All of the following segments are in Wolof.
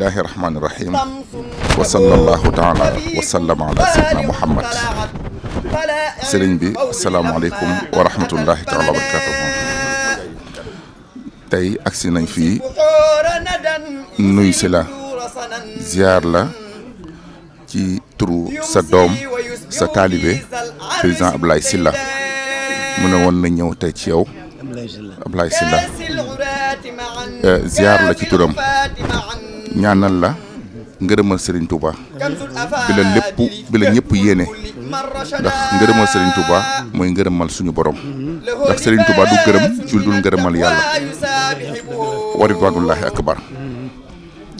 الله الرحمن الرحيم وصلى الله تعالى وسلم على سيدنا محمد سيرين بي السلام عليكم ورحمة الله تعالى وبركاته تاي أكسي ناي في نوي سلا زيار لا كي ترو سا دوم سا طالبي بريزان ابلاي سيلا من وون نا نيو تاي سي ياو ابلاي سيلا زيار لا كي تورم ñaanal la ngërëmal Serigne Touba bi la lépp bi la ñëpp yéene ndax ngërëmal Serigne Touba mooy ngërëmal suñu borom ndax Serigne Touba du gërëm ci dul ngërëmal yàlla wa ridwanullahi akbar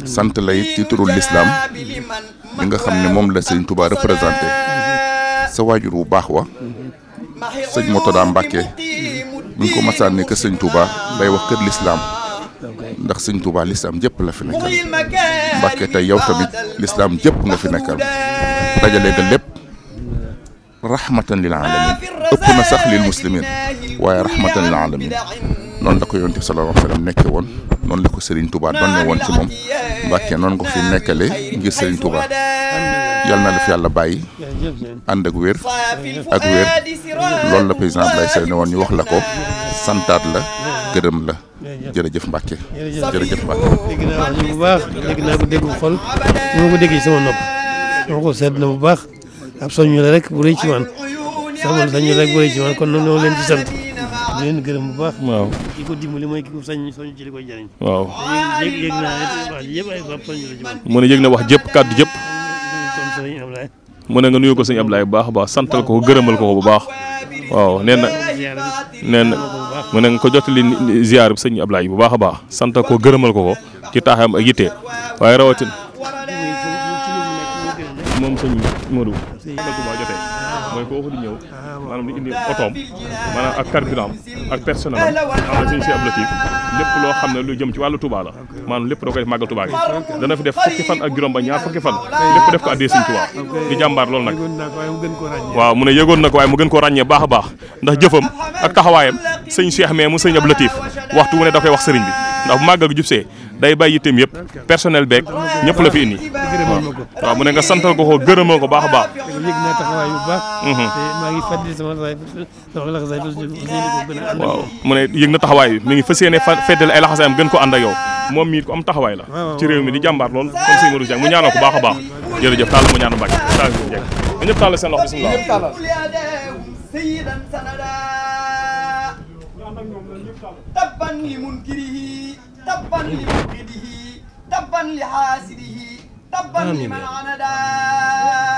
sant la it lislaam bi nga xam ne moom la Serigne Touba représenté sa waajur wu baax wa sëñ Motoda Mbàkke bu ñu ko masaan ne que Serigne Touba day wax kër lislaam ndax sëñ Touba l'islam jep la fi nekkal Mbàkke tay yow tamit l'islam jep nga fi nekkal dajale de lépp rahmatan lil alamin ëpp na sax lil muslimin waaye rahmatan lil alamin non la ko yonti sallallahu alayhi wasallam sallam nekke woon noonu la ko Serigne Touba donne won ci mom Mbàkke non nga ko fi nekkale ngir Serigne Touba yalla na la fi yàlla bàyyi ànd ak wér ak wér lolou la président bay sey ne woon ñu wax la ko santat la gërëm la jërëjëf Mbacke jërëjëf Mbacke. dégg naa wax bu baax dégg naa ko déggu xol ni ma ko déggee sama nopp dama ko sedd na bu baax ab soññu la rek bu rëy ci man sama soññu la rek bu rëy ci man kon noonu leen ci sant di leen gërëm bu baax. waaw ki ko dimbali mooy ki sañ soññu ci li koy jëriñ. waaw yëg yëg naa wax yëpp ay soññu la ci man. mu ne yëg na wax jëpp kàddu jëpp. mu ne nga nuyoo ko sëñ Abdoulaye bu baax a baax santal ko gërëmal ko ko bu baax waaw nee na nee na mu ne nga ko jottali ziar bi sëñ Abdoulaye bu baax a baax santal ko gërëmal ko ko ci taaxam ak yitte waaye rawatin moom sëñ Modou mooy koo ko di ñëw maanaam di indi otoom maanaam ak carburant ak personnel am na suñu si ab latif lépp loo xam ne lu jëm ci wàllu Touba la maanaam lépp da koy def màggal Touba gi dana fi def fukki fan ak juróom ba ñaar fukki fan lépp def ko addee suñ Touba di jàmbaar loolu nag waaw mu ne yëgoon na ko waaye mu gën ko ràññee baax a baax ndax jëfam ak taxawaayam sëñ Cheikh mais mu sëñ ab latif waxtu mu ne da koy wax sëriñ bi ndax bu màggal gi jubsee day bàyyi itam yëpp personnel beeg ñëpp la fi indi waaw mu ne nga santal ko ko gërëmoo ko baax a baax. yëg naa taxawaay bu baax. Mhm. te maa ngi fàttali sama mu ne yëg na taxawaay bi mi ngi fa yéene feddal ay laxasaayam gën ko ànd ak yow moom mii ko am taxawaay la. ci réew mi di jàmbaar lool comme sëñ Modou Dieng mu ñaanal ko baax a baax jërëjëf taal mu ñaanal Mbacke taal bi Dieng ñëpp taal seen loxo bisimilah. تبا لمبغضه تبا لحاسده تبا لمن عندا